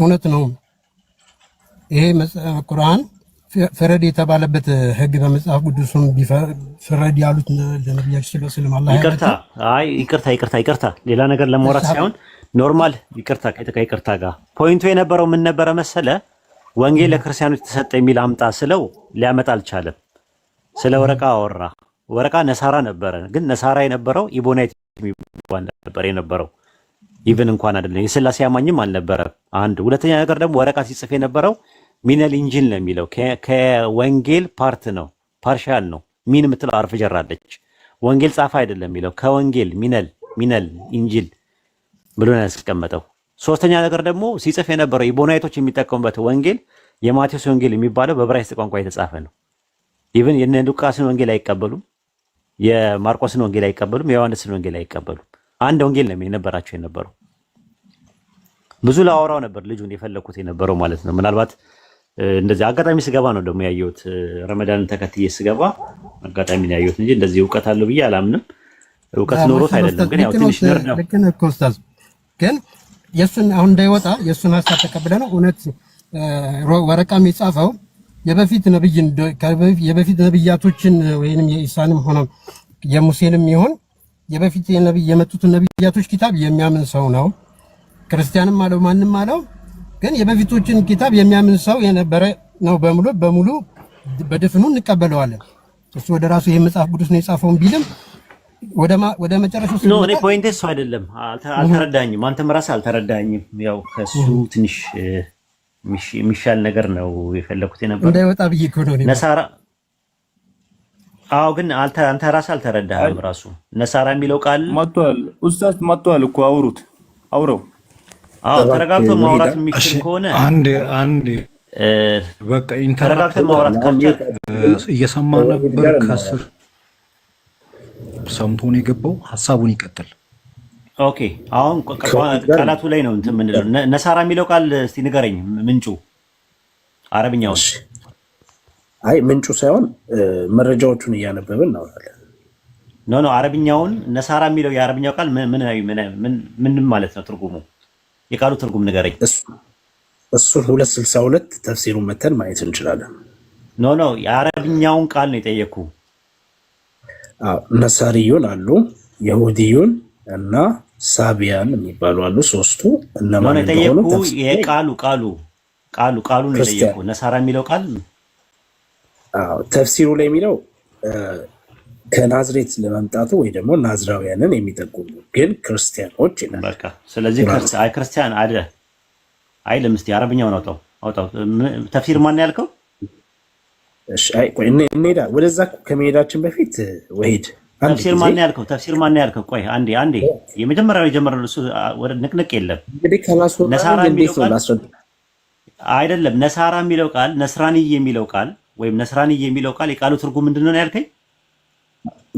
እውነት ነው። ይሄ ቁርአን ፍረድ የተባለበት ህግ በመጽሐፍ ቅዱስም ፍረድ ያሉት ለነቢያችን ስለም አላ ይቅርታ አይ ይቅርታ ይቅርታ ይቅርታ ሌላ ነገር ለማውራት ሳይሆን ኖርማል ይቅርታ ይቅርታ ጋር ፖይንቱ የነበረው ምን ነበረ መሰለ ወንጌል ለክርስቲያኖች ተሰጠ የሚል አምጣ ስለው ሊያመጣ አልቻለም። ስለ ወረቃ አወራ። ወረቃ ነሳራ ነበረ፣ ግን ነሳራ የነበረው ኢቦናይት የሚባል ነበር የነበረው ኢቨን እንኳን አይደለም የስላሴ አማኝም አልነበረም። አንድ ሁለተኛ ነገር ደግሞ ወረቀት ሲጽፍ የነበረው ሚነል ኢንጂል ነው የሚለው ከወንጌል ፓርት ነው ፓርሻል ነው ሚን የምትለው አርፍ ጀራለች ወንጌል ጻፈ አይደለም የሚለው ከወንጌል ሚነል ሚነል ኢንጂል ብሎ ነው ያስቀመጠው። ሶስተኛ ነገር ደግሞ ሲጽፍ የነበረው ኢቦናይቶች የሚጠቀሙበት ወንጌል የማቴዎስ ወንጌል የሚባለው በዕብራይስጥ ቋንቋ የተጻፈ ነው። ኢቨን የነ ሉቃስን ወንጌል አይቀበሉም፣ የማርቆስን ወንጌል አይቀበሉም፣ የዮሐንስን ወንጌል አይቀበሉም። አንድ ወንጌል ነው የነበራቸው የነበረው ብዙ ላወራው ነበር ልጁን የፈለግኩት የነበረው ማለት ነው። ምናልባት እንደዚህ አጋጣሚ ስገባ ነው ደግሞ ያየሁት፣ ረመዳንን ተከትዬ ስገባ አጋጣሚ ነው ያየሁት እንጂ እንደዚህ እውቀት አለው ብዬ አላምንም። እውቀት ኖሮት አይደለም። ግን ያው ትንሽ ነርድ ነው። ግን የሱን አሁን እንዳይወጣ የሱን ሀሳብ ተቀብለ ነው እውነት ወረቃም የጻፈው የበፊት ነብይ የበፊት ነብያቶችን ወይንም የኢሳንም ሆነ የሙሴንም ይሁን የበፊት የመጡትን ነብያቶች ኪታብ የሚያምን ሰው ነው። ክርስቲያንም አለው ማንም አለው ግን የበፊቶችን ኪታብ የሚያምን ሰው የነበረ ነው በሙሉ በሙሉ በድፍኑ እንቀበለዋለን። እሱ ወደ ራሱ ይሄ መጽሐፍ ቅዱስ ነው የጻፈውን ቢልም ወደ መጨረሻው ነው። እኔ ፖይንቴ እሱ አይደለም። አልተረዳኝም፣ አንተም ራስህ አልተረዳኝም። ያው ከሱ ትንሽ የሚሻል ነገር ነው የፈለኩት የነበረው እንዳይወጣ ብዬ እኮ ነው ነሳራ። አዎ ግን አንተ ራስህ አልተረዳህም። ራሱ ነሳራ የሚለው ቃል መጥቷል። ኡስታዝ መጥቷል እኮ አውሩት፣ አውረው አዎ ተረጋግቶ ማውራት የሚችል ከሆነ አንድ አንድ በቃ ተረጋግተን ማውራት እየሰማ ነበር። ከስር ሰምቶን የገባው ሀሳቡን ይቀጥል። ኦኬ አሁን ቃላቱ ላይ ነው እንትን ምንለው ነሳራ የሚለው ቃል እስቲ ንገረኝ፣ ምንጩ አረብኛ አረብኛውን። አይ ምንጩ ሳይሆን መረጃዎቹን እያነበብን እናወራለን። ኖ ኖ አረብኛውን ነሳራ የሚለው የአረብኛው ቃል ምን ምን ምን ማለት ነው ትርጉሙ? የቃሉ ትርጉም ንገረኝ። እሱን ሁለት ስልሳ ሁለት ተፍሲሩን መተን ማየት እንችላለን። ኖ ኖ የአረብኛውን ቃል ነው የጠየኩ። ነሳሪዩን አሉ የሁዲዩን እና ሳቢያን የሚባሉ አሉ። ሶስቱ እነማን እንደሆኑ ቃሉ ቃሉ ቃሉ ቃሉ ነው የጠየኩ። ነሳራ የሚለው ቃል ተፍሲሩ ላይ የሚለው ከናዝሬት ለመምጣቱ ወይ ደግሞ ናዝራውያንን የሚጠቁሙ ግን ክርስቲያኖች ይላል። ስለዚህ ክርስቲያን አደ አይልም። እስኪ አረብኛውን አውጣው አውጣው። ተፍሲር ማን ያልከው? እንሄዳ ወደዛ ከመሄዳችን በፊት ወሂድ ተፍሲር ማን ያልከው? ተፍሲር ማን ያልከው? ቆይ አንዴ አንዴ፣ የመጀመሪያው የጀመረው እሱ ንቅንቅ የለም። አይደለም ነሳራ የሚለው ቃል ነስራንይ የሚለው ቃል ወይም ነስራንይ የሚለው ቃል የቃሉ ትርጉም ምንድን ነው ያልከኝ?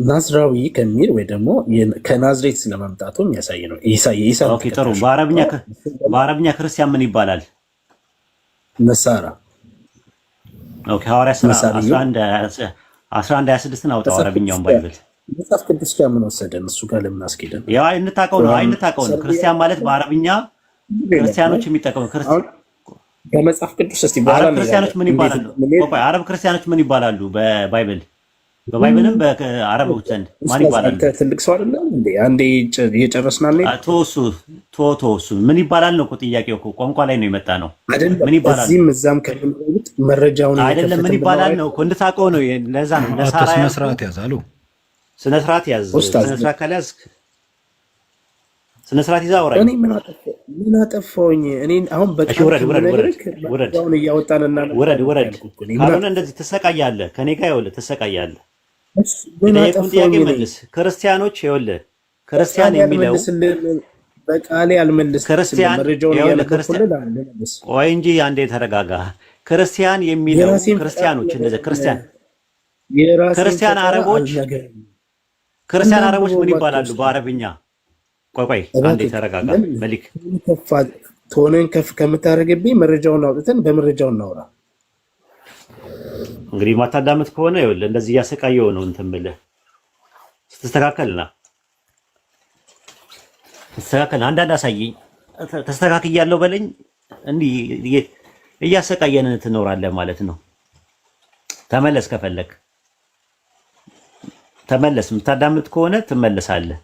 ናዝራዊ ከሚል ወይ ደግሞ ከናዝሬት ስለመምጣቱ የሚያሳይ ነው። ጥሩ። በአረብኛ ክርስቲያን ምን ይባላል? መሳራ ሐዋርያ ስራ 11 26 አረብኛውን ባይብል መጽሐፍ ቅዱስ ጋር ምን ወሰደን? እሱ ጋር ለምን አስኬደን? እንታቀው ነው እንታቀው ነው። ክርስቲያን ማለት በአረብኛ ክርስቲያኖች የሚጠቀሙ ቅዱስ። አረብ ክርስቲያኖች ምን ይባላሉ? አረብ ክርስቲያኖች ምን ይባላሉ በባይብል በባይብልም በአረቦች ዘንድ ማን ይባላል? ትልቅ ሰው አይደለም እንዴ? አንዴ እየጨረስን አለ። ቶሱ ቶቶሱ ምን ይባላል ነው ጥያቄው። ቋንቋ ላይ ነው የመጣ ነው። ምን ይባላል? እዛም ከሚሉት መረጃውን አይደለም። ምን ይባላል ነው እኮ እንድታውቀው ነው። ለዛ ነው ስነ ስርዓት ያዝ አሉ። ስነ ስርዓት ያዝ። ስነ ካልያዝክ ስነ ይዛ አውራ። ምን ምን እኔ አሁን በቃ ውረድ፣ ውረድ፣ ወረድ ወረድ ካልሆነ እንደዚህ ትሰቃያለህ። ከኔ ጋር ይኸውልህ ትሰቃያለህ ጥያቄ መልስ። ክርስቲያኖች ክርስቲያን የሚለው በቃሌ ክርስቲያን እንጂ አንዴ ተረጋጋ። ክርስቲያን የሚለው ክርስቲያኖች እንደዚህ ክርስቲያን ክርስቲያን አረቦች ክርስቲያን አረቦች ምን ይባላሉ በአረብኛ? ቆይ ቆይ አንዴ ተረጋጋ መሊክ። ቶንን ከፍ ከምታደርግብኝ መረጃውን አውጥተን በመረጃው እናውራ። እንግዲህ ማታዳመት ከሆነ ይኸውልህ እንደዚህ እያሰቃየው ነው እንትን የምልህ ስትስተካከልና ስትስተካከል አንዳንድ አሳየኝ ተስተካክያለሁ በለኝ እንዲህ እያሰቃየን ትኖራለህ ማለት ነው። ተመለስ ከፈለክ ተመለስ። የምታዳምጥ ከሆነ ትመለሳለህ።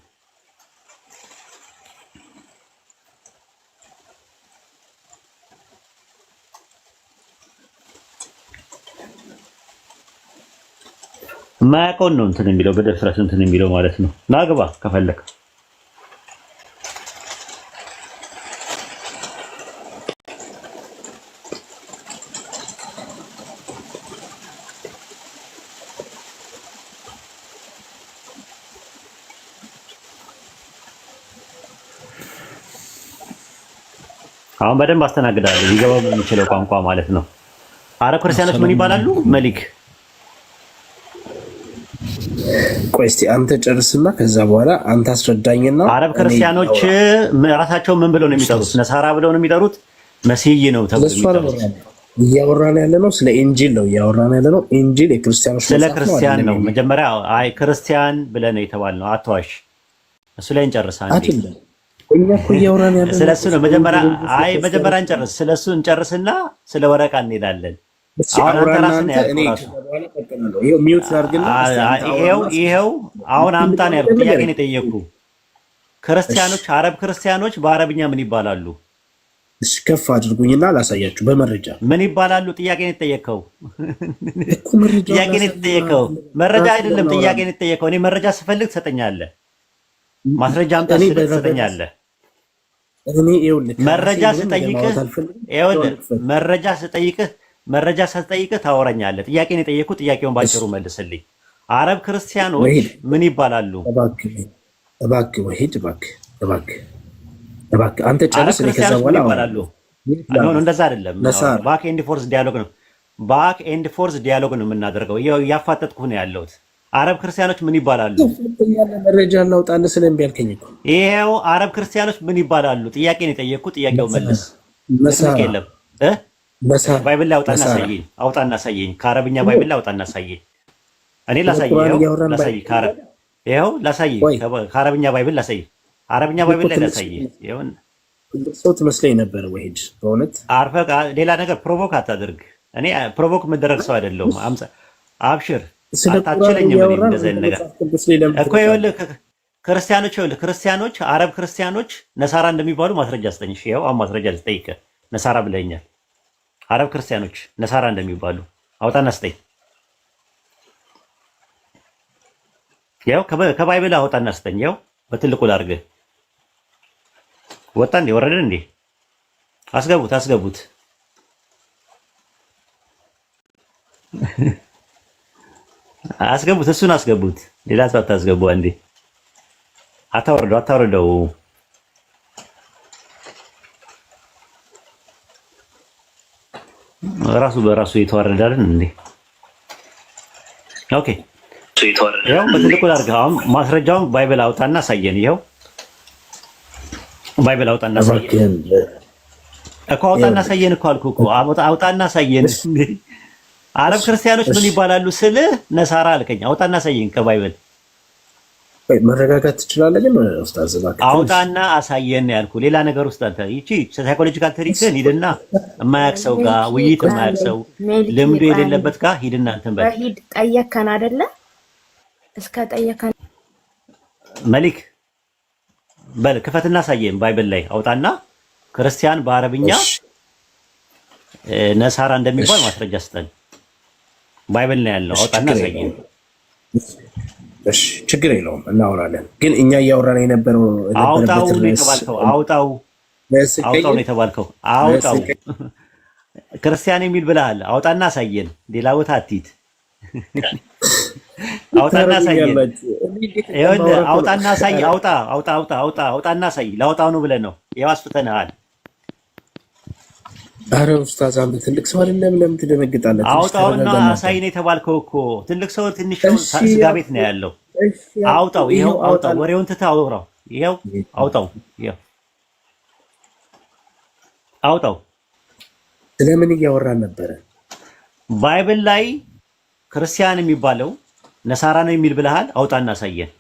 የማያውቀውን ነው እንትን የሚለው በደፍረስ እንትን የሚለው ማለት ነው። ናግባ ከፈለክ አሁን በደንብ አስተናግዳለሁ። ሊገባ የሚችለው ቋንቋ ማለት ነው። አረ ክርስቲያኖች ምን ይባላሉ? መሊክ ቆይ እስኪ አንተ ጨርስና ከዛ በኋላ አንተ አስረዳኝና። አረብ ክርስቲያኖች ራሳቸው ምን ብለው ነው የሚጠሩት? ነሳራ ብለው ነው የሚጠሩት። መሲይ ነው ተብሎ እያወራን ያለ ነው። ስለ ኢንጂል ነው እያወራን ያለ ነው። ኢንጂል የክርስቲያኖች ስለ ክርስቲያን ነው። መጀመሪያ አይ ክርስቲያን ብለህ ነው የተባልነው። አትዋሽ። እሱ ላይ እንጨርስ። እኛ እኮ እያወራን ያለ ስለሱ ነው። መጀመሪያ አይ መጀመሪያ እንጨርስ። ስለሱ እንጨርስና ስለ ወረቃ እንሄዳለን። ይኸው አሁን አምጣ ነው ያልኩት። ጥያቄ ነው የጠየቅኩህ። ክርስቲያኖች አረብ ክርስቲያኖች በአረብኛ ምን ይባላሉ? ከፍ አድርጉኝና ላሳያችሁ በመረጃ ምን ይባላሉ? ጥያቄ ነው የተጠየቀው። ጥያቄ ነው የተጠየቀው፣ መረጃ አይደለም። ጥያቄ ነው የተጠየቀው። እኔ መረጃ ስፈልግ ትሰጠኛለህ፣ ማስረጃ አምጣ ትሰጠኛለህ። መረጃ ስጠይቅህ፣ መረጃ ስጠይቅህ መረጃ ሳትጠይቅህ ታወራኛለህ። ጥያቄን የጠየኩህ ጥያቄውን ባጭሩ መልስልኝ። አረብ ክርስቲያኖች ምን ይባላሉ? እባክህ ወሂድ፣ እባክህ እባክህ እባክህ አንተ ጨርስ። እኔ ከዛ በኋላ ይባላሉ። እንደዛ አይደለም፣ ባክ ኤንድ ፎርስ ዲያሎግ ነው። ባክ ኤንድ ፎርስ ዲያሎግ ነው የምናደርገው። እያፋጠጥኩ ነው ያለሁት። አረብ ክርስቲያኖች ምን ይባላሉ? መረጃ እናውጣልህ ስለምቢ ያልከኝ እኮ ይሄው። አረብ ክርስቲያኖች ምን ይባላሉ? ጥያቄን የጠየኩህ ጥያቄው መልስ። የለም እ ባይብል ላይ አውጣና አሳየኝ። አውጣና አሳየኝ። ከአረብኛ ባይብል ላይ አውጣና አሳየኝ። እኔ ላሳየኝ። ይኸው ላሳየኝ። ከአረብኛ ባይብል ላሳየኝ። አረብኛ ባይብል ላይ ላሳየኝ። ሰው ትመስለኝ ነበር። ወሂድ በእውነት አርፈህ ሌላ ነገር ፕሮቮክ እኔ ፕሮቮክ የምደረግ ሰው አይደለሁም። አብሽር አታችለኝም። እንደዚህ ነገር እኮ ይኸውልህ ክርስቲያኖች ይኸውልህ ክርስቲያኖች አረብ ክርስቲያኖች ነሳራ እንደሚባሉ ማስረጃ ስጠኝ። ይኸው አሁን ማስረጃ ልጠይቅህ። ነሳራ ብለኛል አረብ ክርስቲያኖች ነሳራ እንደሚባሉ አውጣና ስጠኝ። ያው ከባይብል አውጣና ስጠኝ። ያው በትልቁ ላድርግህ። ወጣ እንዴ ወረደ እንዴ? አስገቡት አስገቡት። አስገቡት እሱን አስገቡት። ሌላ ሰው አታስገቡ። አንዴ አታወርደው አታወርደው። ራሱ በራሱ የተዋረደ አይደል እንዴ? ኦኬ ያው በትልቁ ላድርግህ። አሁን ማስረጃውን ባይብል አውጣና አሳየን። ይኸው ባይብል አውጣና አሳየን እኮ አውጣና አሳየን እኮ አልኩህ እኮ አውጣና አሳየን። አረብ ክርስቲያኖች ምን ይባላሉ ስልህ ነሳራ አልከኝ። አውጣና አሳየን ከባይብል መረጋጋት ትችላለህ። ግን ኡስታዝ እባክህ አውጣና አሳየን ያልኩ ሌላ ነገር ውስጥ አንተ ይቺ ሳይኮሎጂካል ትሪክን ሂድና የማያውቅ ሰው ጋር ውይይት የማያውቅ ሰው ልምዱ የሌለበት ጋር ሂድና እንትን በል ሂድ። ጠየከን አይደለ? እስከ ጠየከን መሊክ በል ክፈትና አሳየን። ባይብል ላይ አውጣና ክርስቲያን በአረብኛ ነሳራ እንደሚባል ማስረጃ ስጠን። ባይብል ላይ ያለው አውጣና አሳየን። እሺ ችግር የለውም እናወራለን። ግን እኛ እያወራን የነበረው አውጣው የተባልከው። አውጣው አውጣው ነው የተባልከው። አውጣው ክርስቲያን የሚል ብለሃል። አውጣና አሳየን። ሌላ ቦታ አትሂድ። አውጣና አሳየን። አውጣና አሳይ። አውጣ አውጣ አውጣ አውጣ አውጣና አሳይ። ላውጣው ነው ብለን ነው ያው አስፍተንሃል። አረ ኡስታዝ አንተ ትልቅ ሰው አይደለም፣ ለምን ትደነግጣለህ? አውጣውና አሳይ ነው የተባልከው እኮ ትልቅ ሰው ትንሽ ሰው ስጋ ቤት ነው ያለው። አውጣው፣ ይኸው አውጣው፣ ወሬውን ትተህ አውራው። ይኸው አውጣው፣ ይኸው አውጣው። ስለምን እያወራን ነበረ? ባይብል ላይ ክርስቲያን የሚባለው ነሳራ ነው የሚል ብለሃል። አውጣና አሳየን።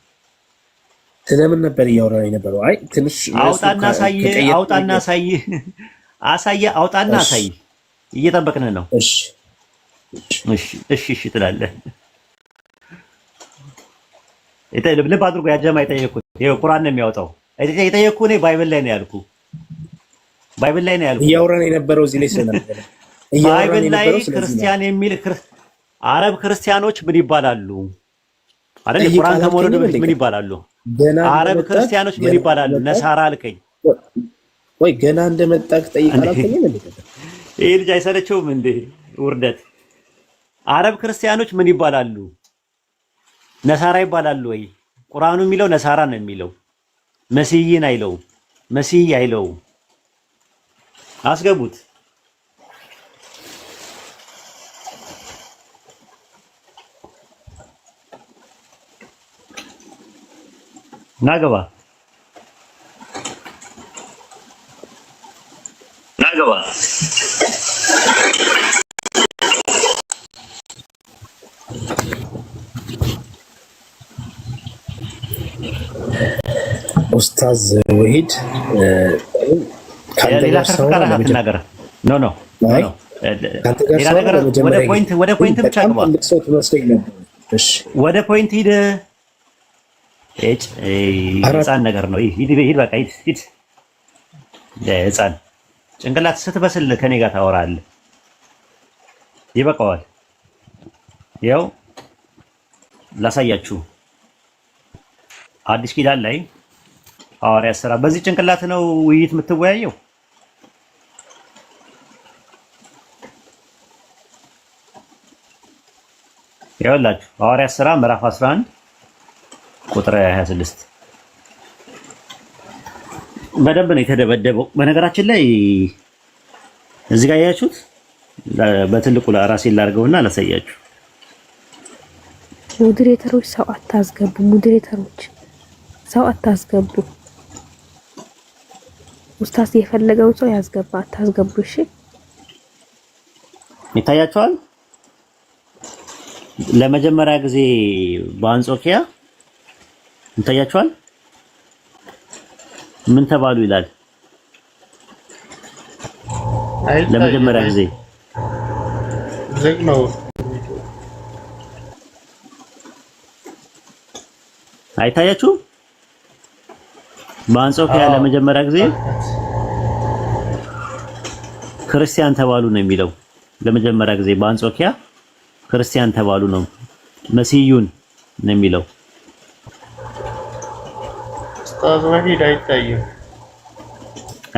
ስለምን ነበር እያወራን የነበረው? አይ ትንሽ አውጣና አሳየህ፣ አውጣና አሳየህ አሳየ አውጣና አሳይ። እየጠበቅንህ ነው። እሺ እሺ እሺ ትላለህ። ልብ አድርጎ ያጀማ የጠየኩት ይኸው ቁርአን ነው የሚያወጣው። የጠየኩህ እኔ ባይብል ላይ ነው ያልኩ፣ ባይብል ላይ ነው ያልኩህ። እያወራን የነበረው እዚህ ላይ ስለነበረ ባይብል ላይ ክርስቲያን የሚል አረብ ክርስቲያኖች ምን ይባላሉ? አይደል ቁርአን ከመውረዱ በፊት ምን ይባላሉ? አረብ ክርስቲያኖች ምን ይባላሉ? ነሳራ አልከኝ ወይ ገና እንደመጣ ጠይቃላት። ልጅ አይሰለቸውም እንዴ? ውርደት። አረብ ክርስቲያኖች ምን ይባላሉ? ነሳራ ይባላሉ ወይ? ቁርአኑ የሚለው ነሳራ ነው የሚለው መሲይን አይለው መሲይ አይለው አስገቡት። ናገባ አገባ ኡስታዝ ወሂድ ሌላ ተርፍ ቃላት አትናገር። ኖ ወደ ፖይንት ብቻ ግባ። ወደ ፖይንት ሂድ። ህፃን ነገር ነው። ሂድ በቃ ሂድ፣ ህፃን ጭንቅላት ስትበስል ከኔ ጋር ታወራለህ። ይበቃዋል። ያው ላሳያችሁ አዲስ ኪዳን ላይ ሐዋርያ ስራ በዚህ ጭንቅላት ነው ውይይት የምትወያየው። ያውላችሁ ሐዋርያ ስራ ምዕራፍ 11 ቁጥር 26 በደንብ ነው የተደበደበው። በነገራችን ላይ እዚህ ጋር ያያችሁት በትልቁ ራሴን ላድርገውና ላሳያችሁ። ሞዴሬተሮች ሰው አታስገቡ። ሞዴሬተሮች ሰው አታስገቡ። ኡስታዝ የፈለገው ሰው ያስገባ፣ አታስገቡ። እሺ፣ ይታያችኋል። ለመጀመሪያ ጊዜ በአንጾኪያ ይታያችኋል። ምን ተባሉ ይላል። ለመጀመሪያ ጊዜ ዝግ ነው አይታያችሁም? በአንጾኪያ ለመጀመሪያ ጊዜ ክርስቲያን ተባሉ ነው የሚለው። ለመጀመሪያ ጊዜ በአንጾኪያ ክርስቲያን ተባሉ ነው መሲዩን ነው የሚለው። ጠዋት መሄድ አይታይም።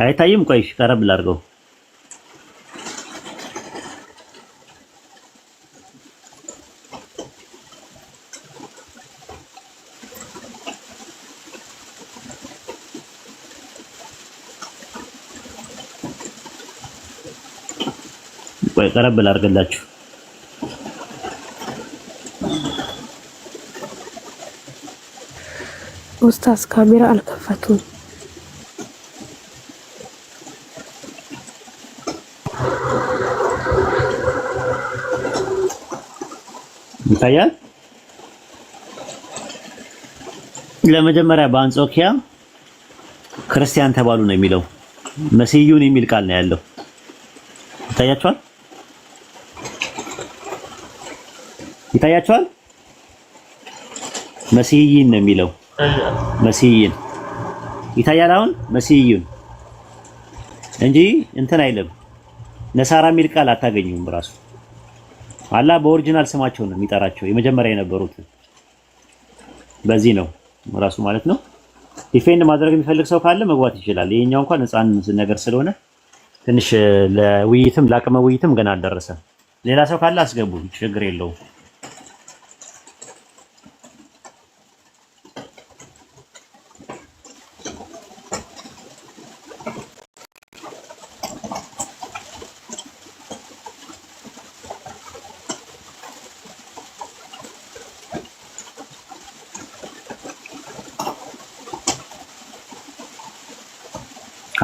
አይታይም። ቆይ ቀረብ ላድርገው። ቆይ ቀረብ ላድርግላችሁ። ኡስታዝ ካሜራ አልከፈቱም። ይታያል። ለመጀመሪያ በአንጾኪያ ክርስቲያን ተባሉ ነው የሚለው። መሲዩን የሚል ቃል ነው ያለው። ይታያቸዋል ይታያቸዋል። መሲይን ነው የሚለው መስይን ይታያል። አሁን መስይዩን እንጂ እንትን አይልም። ነሳራ የሚል ቃል አታገኙም። ራሱ አላህ በኦሪጂናል ስማቸው ነው የሚጠራቸው የመጀመሪያ የነበሩት በዚህ ነው ራሱ ማለት ነው። ዲፌንድ ማድረግ የሚፈልግ ሰው ካለ መግባት ይችላል። ይሄኛው እንኳን ሕፃን ነገር ስለሆነ ትንሽ ለውይይትም ለአቅመ ውይይትም ገና አልደረሰ ሌላ ሰው ካለ አስገቡ፣ ችግር የለውም።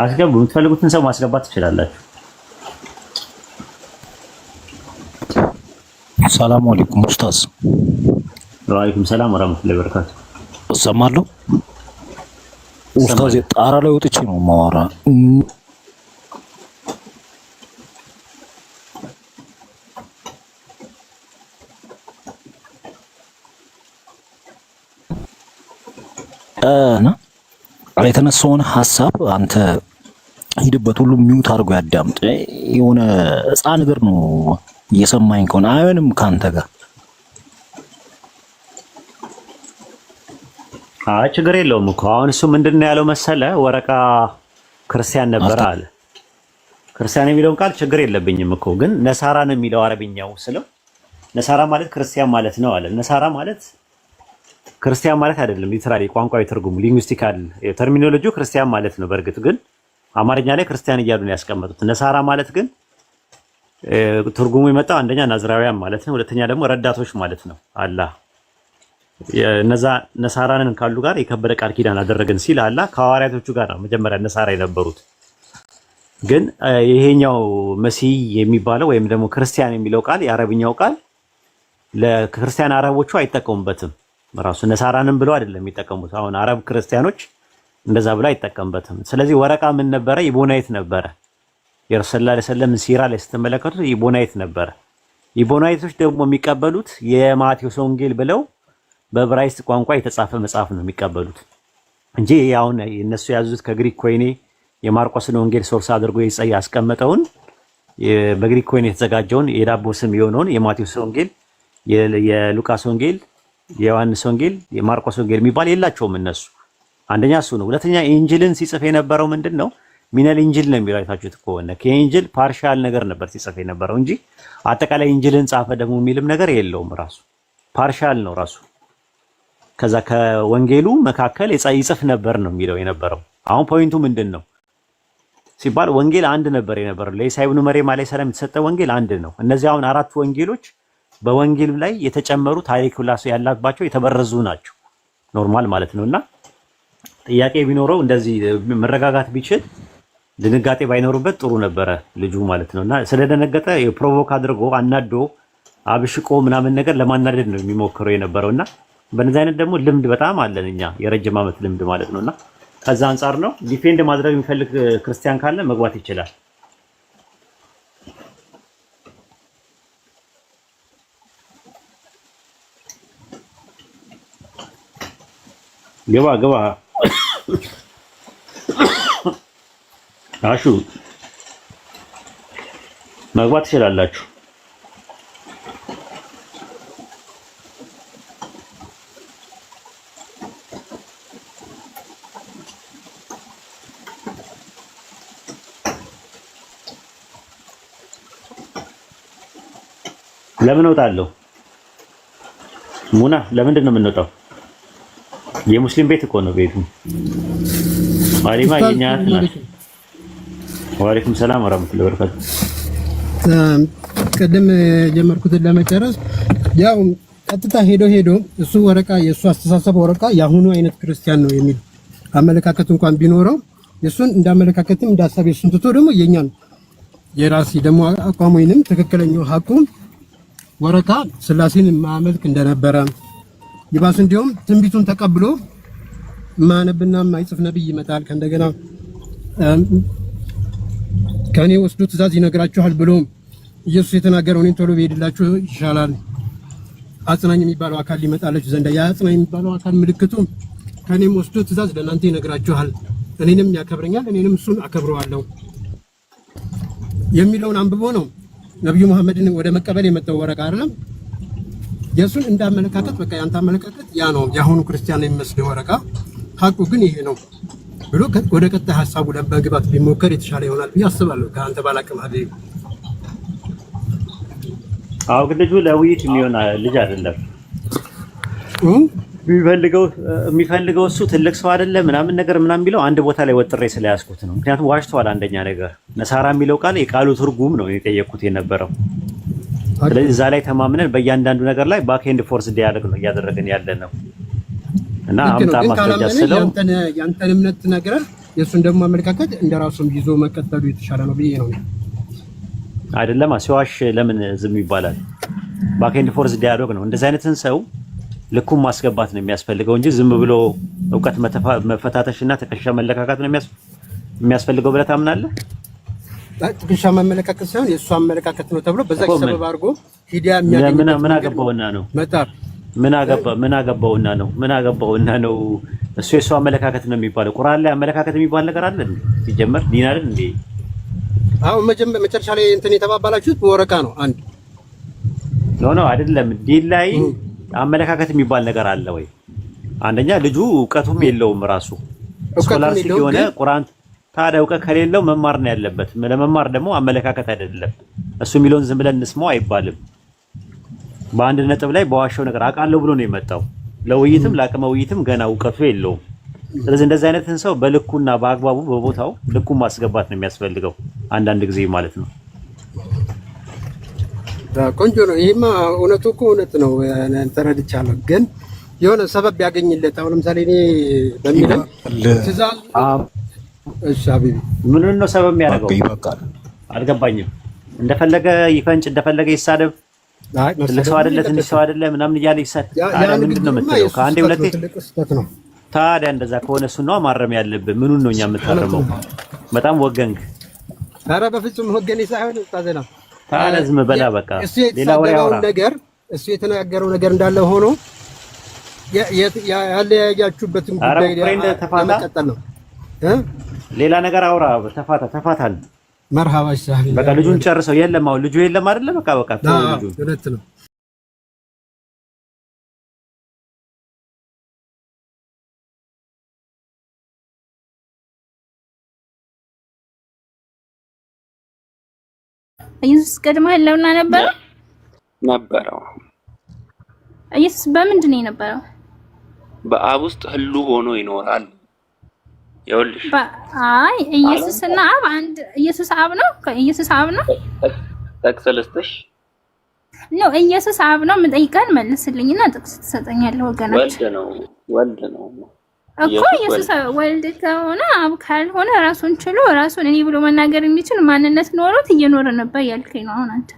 አስገቡ። የምትፈልጉትን ሰው ማስገባት ትችላላችሁ። ሰላም አለይኩም ኡስታዝ። ወአለይኩም ሰላም ወራህመቱላሂ ወበረካቱ። እሰማለሁ ኡስታዝ። ጣራ ላይ ወጥቼ ነው ማወራ። እና ላይ የተነሳውን ሀሳብ አንተ ሂድበት፣ ሁሉ ሚውት አድርጎ ያዳምጥ። የሆነ ህፃን እግር ነው እየሰማኝ ከሆነ አይሆንም ከአንተ ጋር አይ ችግር የለውም እኮ አሁን እሱ ምንድን ነው ያለው መሰለ ወረቃ ክርስቲያን ነበረ አለ። ክርስቲያን የሚለውን ቃል ችግር የለብኝም እኮ ግን ነሳራ ነው የሚለው አረብኛው ስለው ነሳራ ማለት ክርስቲያን ማለት ነው አለ። ነሳራ ማለት ክርስቲያን ማለት አይደለም። ሊትራሊ ቋንቋዊ ትርጉሙ ሊንጉስቲካል ተርሚኖሎጂ ክርስቲያን ማለት ነው። በእርግጥ ግን አማርኛ ላይ ክርስቲያን እያሉ ነው ያስቀመጡት። ነሳራ ማለት ግን ትርጉሙ የመጣው አንደኛ ናዝራውያን ማለት ነው፣ ሁለተኛ ደግሞ ረዳቶች ማለት ነው። አላ የነዛ ነሳራንን ካሉ ጋር የከበደ ቃል ኪዳን አደረግን ሲል አላ ከሐዋርያቶቹ ጋር ነው መጀመሪያ ነሳራ የነበሩት። ግን ይሄኛው መሲህ የሚባለው ወይም ደግሞ ክርስቲያን የሚለው ቃል የአረብኛው ቃል ለክርስቲያን አረቦቹ አይጠቀሙበትም። ራሱ ነሳራንም ብለው አይደለም የሚጠቀሙት። አሁን አረብ ክርስቲያኖች እንደዛ ብሎ አይጠቀምበትም። ስለዚህ ወረቃ ምን ነበረ? ኢቦናይት ነበረ። የረሱል ሰለላሁ ሲራ ላይ ስትመለከቱት ኢቦናይት ነበረ። ኢቦናይቶች ደግሞ የሚቀበሉት የማቴዎስ ወንጌል ብለው በብራይስ ቋንቋ የተጻፈ መጽሐፍ ነው የሚቀበሉት እንጂ አሁን እነሱ የያዙት ከግሪክ ኮይኔ የማርቆስን ወንጌል ሶርስ አድርጎ ያስቀመጠውን በግሪክ ኮይኔ የተዘጋጀውን የዳቦ ስም የሆነውን የማቴዎስ ወንጌል የሉቃስ ወንጌል የዮሐንስ ወንጌል የማርቆስ ወንጌል የሚባል የላቸውም እነሱ። አንደኛ እሱ ነው። ሁለተኛ ኢንጅልን ሲጽፍ የነበረው ምንድን ነው? ሚነል ኢንጅል ነው የሚለው አይታችሁት ከሆነ ከኢንጅል ፓርሻል ነገር ነበር ሲጽፍ የነበረው እንጂ አጠቃላይ ኢንጅልን ጻፈ ደግሞ የሚልም ነገር የለውም። ራሱ ፓርሻል ነው ራሱ። ከዛ ከወንጌሉ መካከል ይጽፍ ነበር ነው የሚለው የነበረው። አሁን ፖይንቱ ምንድን ነው ሲባል ወንጌል አንድ ነበር የነበረው ለኢሳይ ኢብኑ መርየም አለይሂ ሰላም የተሰጠ ወንጌል አንድ ነው። እነዚህ አሁን አራት ወንጌሎች በወንጌል ላይ የተጨመሩ ታሪክ ብላሱ ያላባቸው የተበረዙ ናቸው። ኖርማል ማለት ነው። እና ጥያቄ ቢኖረው እንደዚህ መረጋጋት ቢችል ድንጋጤ ባይኖሩበት ጥሩ ነበረ ልጁ ማለት ነው። እና ስለደነገጠ የፕሮቮክ አድርጎ አናዶ አብሽቆ ምናምን ነገር ለማናደድ ነው የሚሞክረው የነበረው እና በነዚህ አይነት ደግሞ ልምድ በጣም አለን እኛ የረጅም ዓመት ልምድ ማለት ነው። እና ከዛ አንጻር ነው ዲፌንድ ማድረግ የሚፈልግ ክርስቲያን ካለ መግባት ይችላል። ግባ ግባ አሹ መግባት ትችላላችሁ። ለምን እወጣለሁ? ሙና ለምንድን ነው የምንወጣው? የሙስሊም ቤት እኮ ነው ቤቱ። ማሪማ የኛ ናት። ወአለይኩም ሰላም ወራህመቱላሂ ወበረካቱ። ቅድም የጀመርኩትን ለመጨረስ ያው ቀጥታ ሄዶ ሄዶ እሱ ወረቃ የእሱ አስተሳሰብ ወረቃ የአሁኑ አይነት ክርስቲያን ነው የሚል አመለካከት እንኳን ቢኖረው የእሱን እንደ ሀሳብ የእሱን ትቶ ደግሞ የኛ ነው የራሴ ደግሞ አቋም ወይንም ትክክለኛው ሀቁ ወረቃ ስላሴን ማመልክ እንደነበረ ይባስ እንዲሁም ትንቢቱን ተቀብሎ ማነብና ማይጽፍ ነብይ ይመጣል፣ ከእንደገና ከእኔ ወስዶ ትእዛዝ ይነግራችኋል ብሎ ኢየሱስ የተናገረው እኔን ቶሎ ብሄድላችሁ ይሻላል። አጽናኝ የሚባለው አካል ሊመጣላችሁ ዘንድ ያ አጽናኝ የሚባለው አካል ምልክቱ ከእኔም ወስዶ ትእዛዝ ለእናንተ ይነግራችኋል፣ እኔንም ያከብረኛል፣ እኔንም እሱን አከብረዋለሁ የሚለውን አንብቦ ነው ነብዩ መሐመድን ወደ መቀበል የመጣው ወረቃ አይደለም። የእሱን እንዳመለካከት በቃ ያንተ አመለካከት ያ ነው የአሁኑ ክርስቲያን የሚመስለው ወረቃ ሀቁ ግን ይሄ ነው ብሎ ወደ ቀጣይ ሀሳቡ ለመግባት ቢሞከር የተሻለ ይሆናል ብዬ አስባለሁ። ከአንተ ባላቅም ሀ አሁ ግን ልጁ ለውይይት የሚሆን ልጅ አይደለም። የሚፈልገው እሱ ትልቅ ሰው አይደለ ምናምን ነገር ምናምን የሚለው አንድ ቦታ ላይ ወጥሬ ስለያዝኩት ነው። ምክንያቱም ዋሽተዋል። አንደኛ ነገር ነሳራ የሚለው ቃል የቃሉ ትርጉም ነው የጠየቅኩት የነበረው ስለዚህ እዛ ላይ ተማምነን በእያንዳንዱ ነገር ላይ ባክኤንድ ፎርስ ዲያሎግ ነው እያደረግን ያለ ነው እና አምጣ ማስረጃ ስለው ያንተን እምነት ትነግረን የእሱን ደግሞ አመለካከት ራሱም ይዞ መቀጠሉ የተሻለ ነው ብዬ ነው። አይደለም ሲዋሽ ለምን ዝም ይባላል? ባክኤንድ ፎርስ ዲያሎግ ነው። እንደዚህ አይነትን ሰው ልኩም ማስገባት ነው የሚያስፈልገው እንጂ ዝም ብሎ እውቀት መፈታተሽ እና ትከሻ መለካካት ነው የሚያስፈልገው ብለህ ታምናለህ? ጥቅሻ ማመለካከት ሳይሆን የእሱ አመለካከት ነው ተብሎ በዛ ሰበብ አድርጎ ሂዲያ የሚያገኝ ምን አገባውና ነው መጣር ምን አገባ ምን አገባውና ነው ምን አገባውና ነው እሱ የእሱ አመለካከት ነው የሚባለው። ቁርአን ላይ አመለካከት የሚባል ነገር አለ እንዴ? ሲጀመር ዲን አይደል እንዴ? አሁን መጀመር መጨረሻ ላይ እንትን የተባባላችሁት በወረቃ ነው አንድ ኖ ኖ አይደለም። ዲን ላይ አመለካከት የሚባል ነገር አለ ወይ? አንደኛ ልጁ እውቀቱም የለውም ራሱ ስኮላርስቲክ የሆነ ቁርአን ታዲያ እውቀት ከሌለው መማር ነው ያለበት። ለመማር ደግሞ አመለካከት አይደለም እሱ የሚለውን ዝም ብለን እንስማው አይባልም። በአንድ ነጥብ ላይ በዋሻው ነገር አውቃለሁ ብሎ ነው የመጣው። ለውይይትም ለአቅመ ውይይትም ገና እውቀቱ የለውም። ስለዚህ እንደዚህ አይነትን ሰው በልኩና በአግባቡ በቦታው ልኩን ማስገባት ነው የሚያስፈልገው፣ አንዳንድ ጊዜ ማለት ነው። ቆንጆ ነው። ይህማ እውነቱ እኮ እውነት ነው፣ ተረድቻለሁ። ግን የሆነ ሰበብ ያገኝለት አሁን ለምሳሌ እኔ በሚለው ትእዛዝ እሺ ሀቢቢ ምኑን ነው ሰበብ የሚያደርገው? አልገባኝም። እንደፈለገ ይፈንጭ፣ እንደፈለገ ይሳደብ። ትልቅ ሰው አይደለ፣ ትንሽ ሰው አይደለ፣ ምናምን እያለ ይሳደብ። ምንድን ነው የምትለው? ከአንዴ ሁለቴ። ታዲያ እንደዛ ከሆነ እሱን ነዋ ማረም ያለብን። ምኑን ነው እኛ የምታረመው? በጣም ወገንግ። ኧረ በፍጹም ወገኔ ሳይሆን ታዘና ታዲያ ዝም በላ በቃ። ሌላ ወሬ አውራ ነገር እሱ የተናገረው ነገር እንዳለ ሆኖ ያለያያችሁበትን ጉዳይ ለመቀጠል ነው ሌላ ነገር አውራ፣ ተፋታ ተፋታል። መርሃባ ሻህ በቃ ልጁን ጨርሰው። የለም አሁን ልጁ የለም አይደለ? በቃ በቃ ነው። ኢየሱስ ቀድሞ ያለውና ነበረ ነበረው። ኢየሱስ በምንድን ነው የነበረው? በአብ ውስጥ ህሉ ሆኖ ይኖራል ይኸውልሽ አይ ኢየሱስና አብ አንድ ኢየሱስ አብ ነው። ኢየሱስ አብ ነው። ጥቅስ ልስጥሽ ነው። ኢየሱስ አብ ነው። የምጠይቀን መልስልኝና ጥቅስ ትሰጠኛለህ። ወገናችን ወልድ ነው። ወልድ ነው እኮ ኢየሱስ ወልድ ከሆነ አብ ካልሆነ ራሱን ችሎ ራሱን እኔ ብሎ መናገር የሚችል ማንነት ኖሮት እየኖረ ነበር ያልከኝ ነው። አሁን አንተ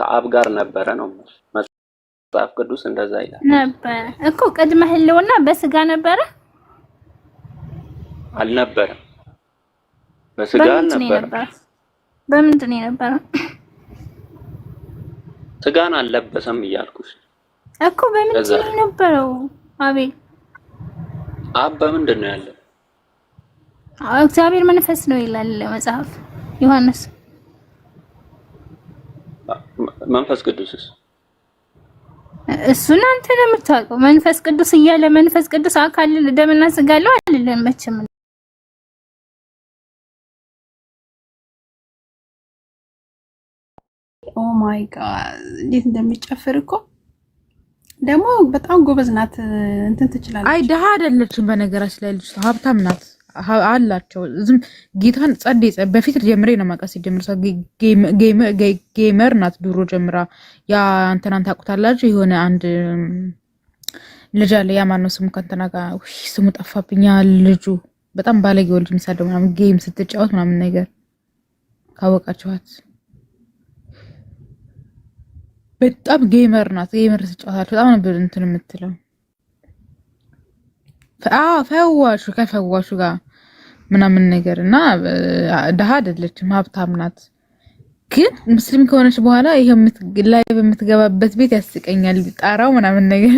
ከአብ ጋር ነበረ ነው መጽሐፍ ቅዱስ እንደዛ ይላል። ነበረ እኮ ቅድመ ሕልውና በስጋ ነበረ አልነበረም። በስጋ አልነበረም። በምንድን የነበረ ስጋን አልለበሰም እያልኩሽ እኮ። በምንድን የነበረው አቤል? አብ በምንድን ነው ያለው? እግዚአብሔር መንፈስ ነው ይላል መጽሐፍ ዮሐንስ። መንፈስ ቅዱስስ እሱን አንተ ነው የምታውቀው። መንፈስ ቅዱስ እያለ መንፈስ ቅዱስ አካል ደምና ስጋ አለው አይደለም መቼም ኦማይ oh ጋድ እንዴት እንደሚጨፍር እኮ ደግሞ በጣም ጎበዝ ናት። እንትን ትችላለች። አይ ድሀ አይደለችም። በነገራችን ላይ ልጅቷ ሀብታም ናት አላቸው። ዝም ጌታን ጸድ በፊት ጀምሬ ነው ማውቃት ጀምር ጌመር ናት። ድሮ ጀምራ ያ እንትናን ታውቁታላችሁ። የሆነ አንድ ልጅ አለ። ያ ማነው ስሙ ከእንትና ጋር ስሙ ጠፋብኛ ልጁ በጣም ባለጌ ወልጅ የሚሳደው ምናምን ጌም ስትጫወት ምናምን ነገር ካወቃችኋት በጣም ጌመር ናት። ጌመር ትጫወታለች። በጣም ነበር እንትን የምትለው ፈዋሹ ከፈዋሹ ጋር ምናምን ነገር እና ድሀ አይደለችም፣ ሀብታም ናት። ግን ሙስሊም ከሆነች በኋላ ይሄ ላይ በምትገባበት ቤት ያስቀኛል ጣራው ምናምን ነገር